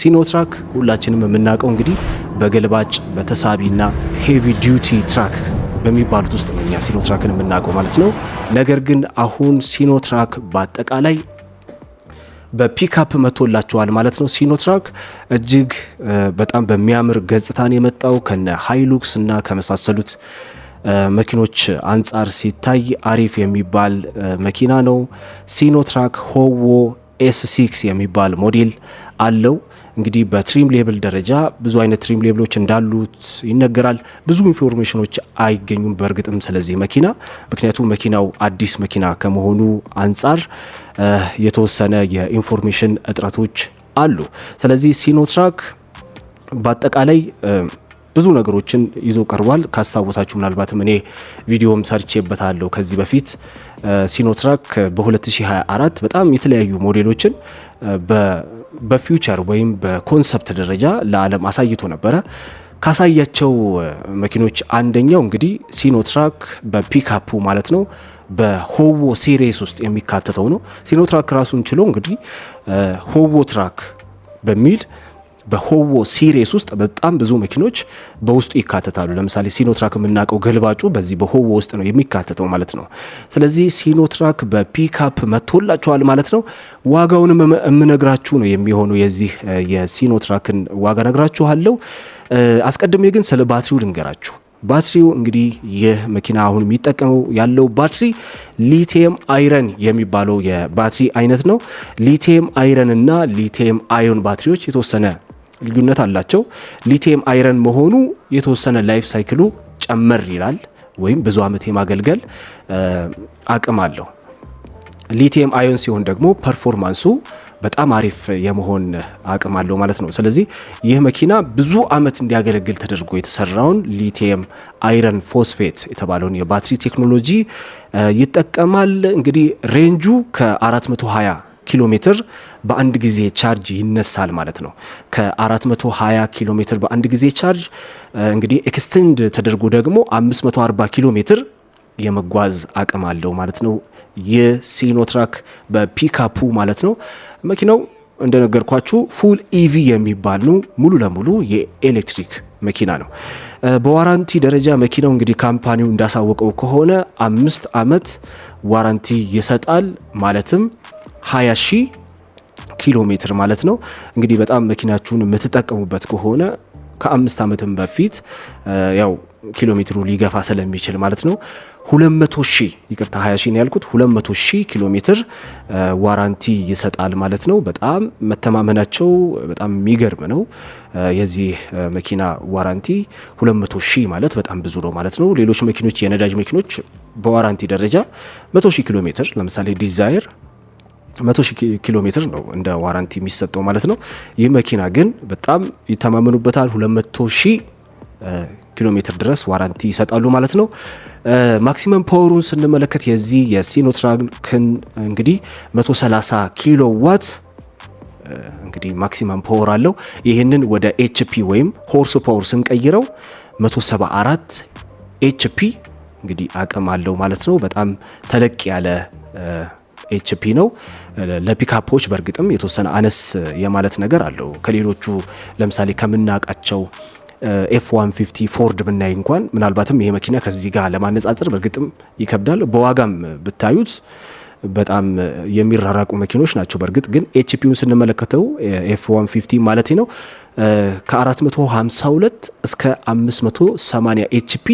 ሲኖትራክ ሁላችንም የምናውቀው እንግዲህ በገልባጭ በተሳቢና ሄቪ ዲዩቲ ትራክ በሚባሉት ውስጥ ነው እኛ ሲኖትራክን የምናውቀው ማለት ነው። ነገር ግን አሁን ሲኖትራክ በአጠቃላይ በፒካፕ መቶላቸዋል ማለት ነው። ሲኖትራክ እጅግ በጣም በሚያምር ገጽታን የመጣው ከነ ሃይሉክስ እና ከመሳሰሉት መኪኖች አንጻር ሲታይ አሪፍ የሚባል መኪና ነው። ሲኖትራክ ሆዎ ኤስ ሲክስ የሚባል ሞዴል አለው። እንግዲህ በትሪም ሌብል ደረጃ ብዙ አይነት ትሪም ሌብሎች እንዳሉት ይነገራል። ብዙ ኢንፎርሜሽኖች አይገኙም በእርግጥም ስለዚህ መኪና ምክንያቱም መኪናው አዲስ መኪና ከመሆኑ አንጻር የተወሰነ የኢንፎርሜሽን እጥረቶች አሉ። ስለዚህ ሲኖትራክ በአጠቃላይ ብዙ ነገሮችን ይዞ ቀርቧል። ካስታወሳችሁ ምናልባትም እኔ ቪዲዮም ሰርቼበታለሁ ከዚህ በፊት ሲኖትራክ በ2024 በጣም የተለያዩ ሞዴሎችን በፊውቸር ወይም በኮንሰፕት ደረጃ ለዓለም አሳይቶ ነበረ። ካሳያቸው መኪኖች አንደኛው እንግዲህ ሲኖትራክ በፒካፑ ማለት ነው በሆዎ ሲሪስ ውስጥ የሚካተተው ነው። ሲኖትራክ ራሱን ችሎ እንግዲህ ሆዎ ትራክ በሚል በሆዎ ሲሬስ ውስጥ በጣም ብዙ መኪኖች በውስጡ ይካተታሉ። ለምሳሌ ሲኖትራክ የምናውቀው ገልባጩ በዚህ በሆዎ ውስጥ ነው የሚካተተው ማለት ነው። ስለዚህ ሲኖትራክ በፒካፕ መጥቶላቸዋል ማለት ነው። ዋጋውንም የምነግራችሁ ነው የሚሆኑ የዚህ የሲኖትራክን ዋጋ ነግራችኋለሁ። አስቀድሜ ግን ስለ ባትሪው ልንገራችሁ። ባትሪው እንግዲህ ይህ መኪና አሁን የሚጠቀመው ያለው ባትሪ ሊቲየም አይረን የሚባለው የባትሪ አይነት ነው። ሊቲየም አይረን እና ሊቲየም አዮን ባትሪዎች የተወሰነ ልዩነት አላቸው። ሊቲየም አይረን መሆኑ የተወሰነ ላይፍ ሳይክሉ ጨመር ይላል ወይም ብዙ ዓመት የማገልገል አቅም አለው። ሊቲየም አዮን ሲሆን ደግሞ ፐርፎርማንሱ በጣም አሪፍ የመሆን አቅም አለው ማለት ነው። ስለዚህ ይህ መኪና ብዙ ዓመት እንዲያገለግል ተደርጎ የተሰራውን ሊቲየም አይረን ፎስፌት የተባለውን የባትሪ ቴክኖሎጂ ይጠቀማል። እንግዲህ ሬንጁ ከ420 ኪሎ ሜትር በአንድ ጊዜ ቻርጅ ይነሳል ማለት ነው። ከ420 ኪሎ ሜትር በአንድ ጊዜ ቻርጅ እንግዲህ ኤክስቴንድ ተደርጎ ደግሞ 540 ኪሎ ሜትር የመጓዝ አቅም አለው ማለት ነው። ይህ ሲኖትራክ በፒካፑ ማለት ነው። መኪናው እንደነገርኳችሁ ፉል ኢቪ የሚባል ነው። ሙሉ ለሙሉ የኤሌክትሪክ መኪና ነው። በዋራንቲ ደረጃ መኪናው እንግዲህ ካምፓኒው እንዳሳወቀው ከሆነ አምስት ዓመት ዋራንቲ ይሰጣል ማለትም ሀያ ሺህ ኪሎ ሜትር ማለት ነው። እንግዲህ በጣም መኪናችሁን የምትጠቀሙበት ከሆነ ከአምስት ዓመትም በፊት ያው ኪሎ ሜትሩ ሊገፋ ስለሚችል ማለት ነው 200 ሺህ ይቅርታ 20 ሺህ ነው ያልኩት 200 ሺህ ኪሎ ሜትር ዋራንቲ ይሰጣል ማለት ነው። በጣም መተማመናቸው በጣም የሚገርም ነው። የዚህ መኪና ዋራንቲ 200 ሺህ ማለት በጣም ብዙ ነው ማለት ነው። ሌሎች መኪኖች የነዳጅ መኪኖች በዋራንቲ ደረጃ 100 ሺህ ኪሎ ሜትር ለምሳሌ ዲዛይር መቶ ሺ ኪሎ ሜትር ነው እንደ ዋራንቲ የሚሰጠው ማለት ነው። ይህ መኪና ግን በጣም ይተማመኑበታል። ሁለት መቶ ሺ ኪሎ ሜትር ድረስ ዋራንቲ ይሰጣሉ ማለት ነው። ማክሲመም ፓወሩን ስንመለከት የዚህ የሲኖትራክን እንግዲህ 130 ኪሎ ዋት እንግዲህ ማክሲመም ፓወር አለው። ይህንን ወደ ኤችፒ ወይም ሆርስ ፓወር ስንቀይረው 174 ኤችፒ እንግዲህ አቅም አለው ማለት ነው። በጣም ተለቅ ያለ ኤችፒ ነው። ለፒካፖች በእርግጥም የተወሰነ አነስ የማለት ነገር አለው ከሌሎቹ ለምሳሌ ከምናውቃቸው ኤፍ 150 ፎርድ ብናይ እንኳን ምናልባትም ይሄ መኪና ከዚህ ጋር ለማነጻጸር በእርግጥም ይከብዳል። በዋጋም ብታዩት በጣም የሚራራቁ መኪኖች ናቸው። በእርግጥ ግን ኤችፒውን ስንመለከተው ኤፍ 150 ማለት ነው ከ452 እስከ 580 ኤችፒ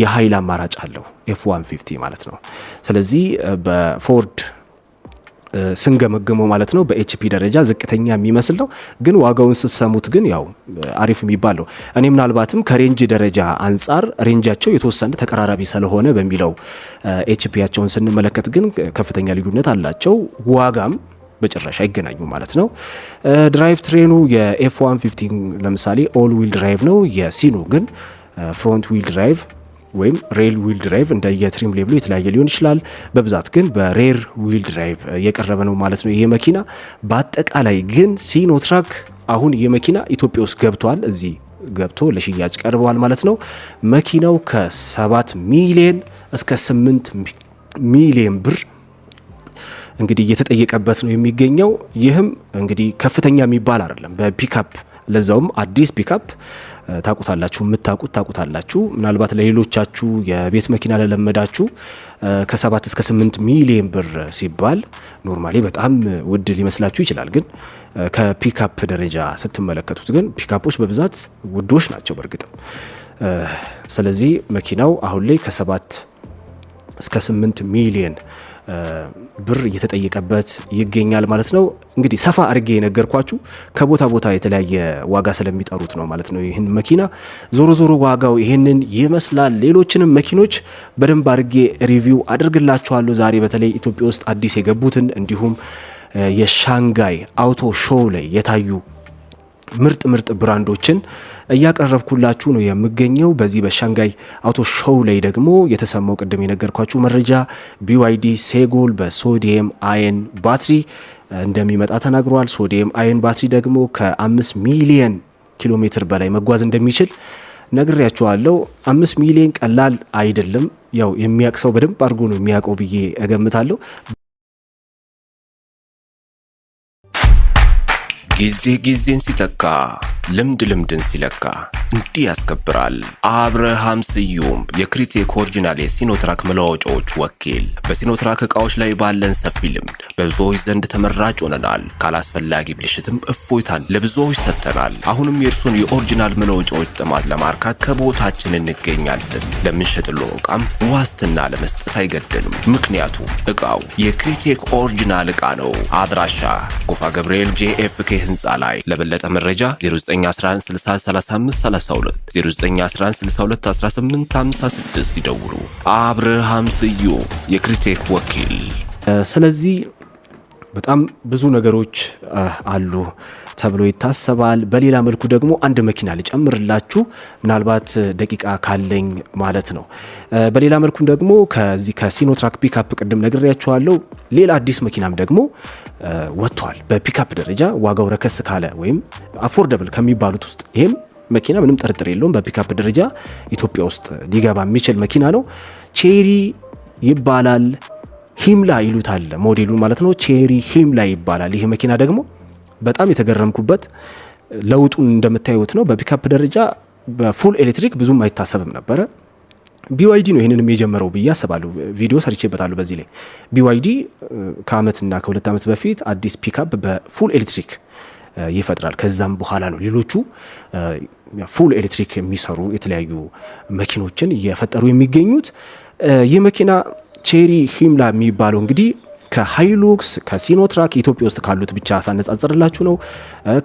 የኃይል አማራጭ አለው ኤፍ 150 ማለት ነው። ስለዚህ በፎርድ ስንገመግመው ማለት ነው በኤችፒ ደረጃ ዝቅተኛ የሚመስል ነው። ግን ዋጋውን ስትሰሙት ግን ያው አሪፍ የሚባል ነው። እኔ ምናልባትም ከሬንጅ ደረጃ አንጻር ሬንጃቸው የተወሰነ ተቀራራቢ ስለሆነ በሚለው ኤችፒያቸውን ስንመለከት ግን ከፍተኛ ልዩነት አላቸው። ዋጋም በጭራሽ አይገናኙ ማለት ነው። ድራይቭ ትሬኑ የኤፍ 150 ለምሳሌ ኦል ዊል ድራይቭ ነው። የሲኖ ግን ፍሮንት ዊል ድራይቭ ወይም ሬል ዊል ድራይቭ እንደ የትሪም ሌብሉ የተለያየ ሊሆን ይችላል። በብዛት ግን በሬር ዊል ድራይቭ የቀረበ ነው ማለት ነው ይሄ መኪና። በአጠቃላይ ግን ሲኖትራክ አሁን ይህ መኪና ኢትዮጵያ ውስጥ ገብቷል። እዚህ ገብቶ ለሽያጭ ቀርበዋል ማለት ነው። መኪናው ከ7 ሚሊየን እስከ 8 ሚሊየን ብር እንግዲህ እየተጠየቀበት ነው የሚገኘው። ይህም እንግዲህ ከፍተኛ የሚባል አይደለም በፒካፕ ለዛውም አዲስ ፒካፕ ታቁታላችሁ፣ የምታቁት ታቁታላችሁ። ምናልባት ለሌሎቻችሁ የቤት መኪና ለለመዳችሁ ከሰባት እስከ ስምንት ሚሊየን ብር ሲባል ኖርማሊ በጣም ውድ ሊመስላችሁ ይችላል። ግን ከፒካፕ ደረጃ ስትመለከቱት ግን ፒካፖች በብዛት ውዶች ናቸው በእርግጥም። ስለዚህ መኪናው አሁን ላይ ከሰባት እስከ ስምንት ሚሊየን ብር እየተጠየቀበት ይገኛል ማለት ነው። እንግዲህ ሰፋ አድርጌ የነገርኳችሁ ከቦታ ቦታ የተለያየ ዋጋ ስለሚጠሩት ነው ማለት ነው። ይህን መኪና ዞሮ ዞሮ ዋጋው ይህንን ይመስላል። ሌሎችንም መኪኖች በደንብ አድርጌ ሪቪው አድርግላችኋለሁ። ዛሬ በተለይ ኢትዮጵያ ውስጥ አዲስ የገቡትን እንዲሁም የሻንጋይ አውቶ ሾው ላይ የታዩ ምርጥ ምርጥ ብራንዶችን እያቀረብኩላችሁ ነው የምገኘው። በዚህ በሻንጋይ አውቶ ሾው ላይ ደግሞ የተሰማው ቅድም የነገርኳችሁ መረጃ ቢዋይዲ ሴጎል በሶዲየም አየን ባትሪ እንደሚመጣ ተናግረዋል። ሶዲየም አየን ባትሪ ደግሞ ከ5 ሚሊየን ኪሎ ሜትር በላይ መጓዝ እንደሚችል ነግሬያችኋለሁ። አምስት ሚሊየን ቀላል አይደለም። ያው የሚያቅሰው በደንብ አድርጎ ነው የሚያውቀው ብዬ እገምታለሁ። ጊዜ ጊዜን ሲተካ ልምድ ልምድን ሲለካ እንዲህ ያስከብራል። አብርሃም ስዩም የክሪቴክ ኦሪጂናል የሲኖትራክ መለዋወጫዎች ወኪል። በሲኖትራክ እቃዎች ላይ ባለን ሰፊ ልምድ በብዙዎች ዘንድ ተመራጭ ሆነናል። ካላስፈላጊ ብልሽትም እፎይታን ለብዙዎች ሰጥተናል። አሁንም የእርሱን የኦሪጂናል መለወጫዎች ጥማት ለማርካት ከቦታችን እንገኛለን። ለምንሸጥሎ እቃም ዋስትና ለመስጠት አይገድንም። ምክንያቱም እቃው የክሪቴክ ኦሪጂናል እቃ ነው። አድራሻ ጎፋ ገብርኤል ጄኤፍኬ ህንፃ ላይ። ለበለጠ መረጃ 0911603532 0911621856 ይደውሉ። አብርሃም ስዩ የክሪቴክ ወኪል። ስለዚህ በጣም ብዙ ነገሮች አሉ ተብሎ ይታሰባል። በሌላ መልኩ ደግሞ አንድ መኪና ልጨምርላችሁ ምናልባት ደቂቃ ካለኝ ማለት ነው። በሌላ መልኩም ደግሞ ከዚህ ከሲኖትራክ ፒካፕ ቅድም ነግሬያችኋለሁ። ሌላ አዲስ መኪናም ደግሞ ወጥቷል። በፒካፕ ደረጃ ዋጋው ረከስ ካለ ወይም አፎርደብል ከሚባሉት ውስጥ ይሄም መኪና ምንም ጥርጥር የለውም በፒካፕ ደረጃ ኢትዮጵያ ውስጥ ሊገባ የሚችል መኪና ነው። ቼሪ ይባላል። ሂምላ ይሉታል ሞዴሉ ማለት ነው። ቼሪ ሂምላ ይባላል። ይህ መኪና ደግሞ በጣም የተገረምኩበት ለውጡን እንደምታዩት ነው። በፒካፕ ደረጃ በፉል ኤሌክትሪክ ብዙም አይታሰብም ነበረ። ቢዋይዲ ነው ይህንንም የጀመረው ብዬ አስባለሁ። ቪዲዮ ሰርቼበታለሁ በዚህ ላይ ቢዋይዲ ከአመትና ከሁለት ዓመት በፊት አዲስ ፒካፕ በፉል ኤሌክትሪክ ይፈጥራል። ከዛም በኋላ ነው ሌሎቹ ፉል ኤሌክትሪክ የሚሰሩ የተለያዩ መኪኖችን እየፈጠሩ የሚገኙት። ይህ መኪና ቼሪ ሂምላ የሚባለው እንግዲህ ከሃይሉክስ ከሲኖትራክ ኢትዮጵያ ውስጥ ካሉት ብቻ ሳነጻጽርላችሁ ነው።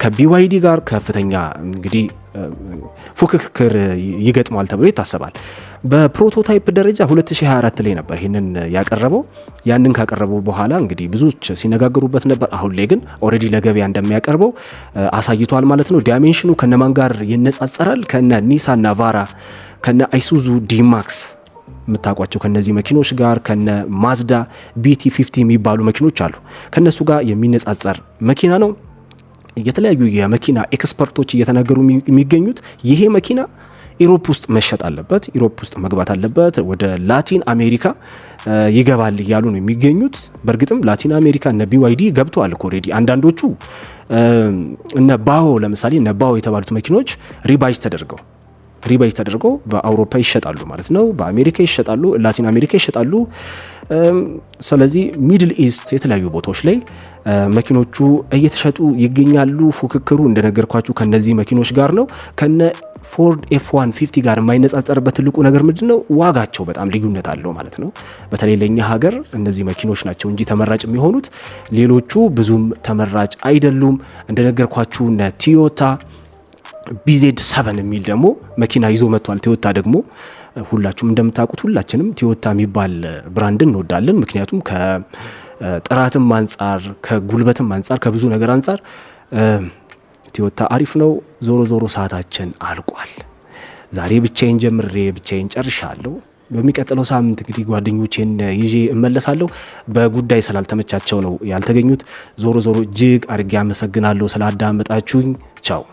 ከቢዋይዲ ጋር ከፍተኛ እንግዲህ ፉክክር ይገጥሟል ተብሎ ይታሰባል። በፕሮቶታይፕ ደረጃ 2024 ላይ ነበር ይህንን ያቀረበው። ያንን ካቀረበው በኋላ እንግዲህ ብዙዎች ሲነጋገሩበት ነበር። አሁን ላይ ግን ኦልሬዲ ለገበያ እንደሚያቀርበው አሳይቷል ማለት ነው። ዳይሜንሽኑ ከነማን ጋር ይነጻጸራል? ከነ ኒሳን ናቫራ፣ ከነ አይሱዙ ዲማክስ የምታውቋቸው ከነዚህ መኪኖች ጋር ከነ ማዝዳ ቢቲ 50 የሚባሉ መኪኖች አሉ። ከነሱ ጋር የሚነጻጸር መኪና ነው። የተለያዩ የመኪና ኤክስፐርቶች እየተናገሩ የሚገኙት ይሄ መኪና ኢሮፕ ውስጥ መሸጥ አለበት፣ ኢሮፕ ውስጥ መግባት አለበት፣ ወደ ላቲን አሜሪካ ይገባል እያሉ ነው የሚገኙት። በእርግጥም ላቲን አሜሪካ እነ ቢዋይዲ ገብተዋል እኮ ኦልሬዲ። አንዳንዶቹ እነ ባሆ ለምሳሌ እነ ባሆ የተባሉት መኪኖች ሪባጅ ተደርገው ሪባይዝ ተደርገው በአውሮፓ ይሸጣሉ ማለት ነው። በአሜሪካ ይሸጣሉ፣ ላቲን አሜሪካ ይሸጣሉ። ስለዚህ ሚድል ኢስት የተለያዩ ቦታዎች ላይ መኪኖቹ እየተሸጡ ይገኛሉ። ፉክክሩ እንደነገርኳችሁ ከነዚህ መኪኖች ጋር ነው። ከነ ፎርድ ኤፍ 150 ጋር የማይነጻጸርበት ትልቁ ነገር ምንድን ነው? ዋጋቸው በጣም ልዩነት አለው ማለት ነው። በተለይ ለእኛ ሀገር እነዚህ መኪኖች ናቸው እንጂ ተመራጭ የሚሆኑት ሌሎቹ ብዙም ተመራጭ አይደሉም። እንደነገርኳችሁ እነ ቲዮታ ቢዜድ ሰቨን የሚል ደግሞ መኪና ይዞ መጥቷል። ቲዮታ ደግሞ ሁላችሁም እንደምታውቁት ሁላችንም ቶዮታ የሚባል ብራንድ እንወዳለን። ምክንያቱም ከጥራትም አንጻር ከጉልበትም አንጻር ከብዙ ነገር አንጻር ቶዮታ አሪፍ ነው። ዞሮ ዞሮ ሰዓታችን አልቋል። ዛሬ ብቻዬን ጀምሬ ብቻዬን ጨርሻለሁ። በሚቀጥለው ሳምንት እንግዲህ ጓደኞቼን ይዤ እመለሳለሁ። በጉዳይ ስላልተመቻቸው ነው ያልተገኙት። ዞሮ ዞሮ እጅግ አድርጌ አመሰግናለሁ ስላዳመጣችሁኝ። ቻው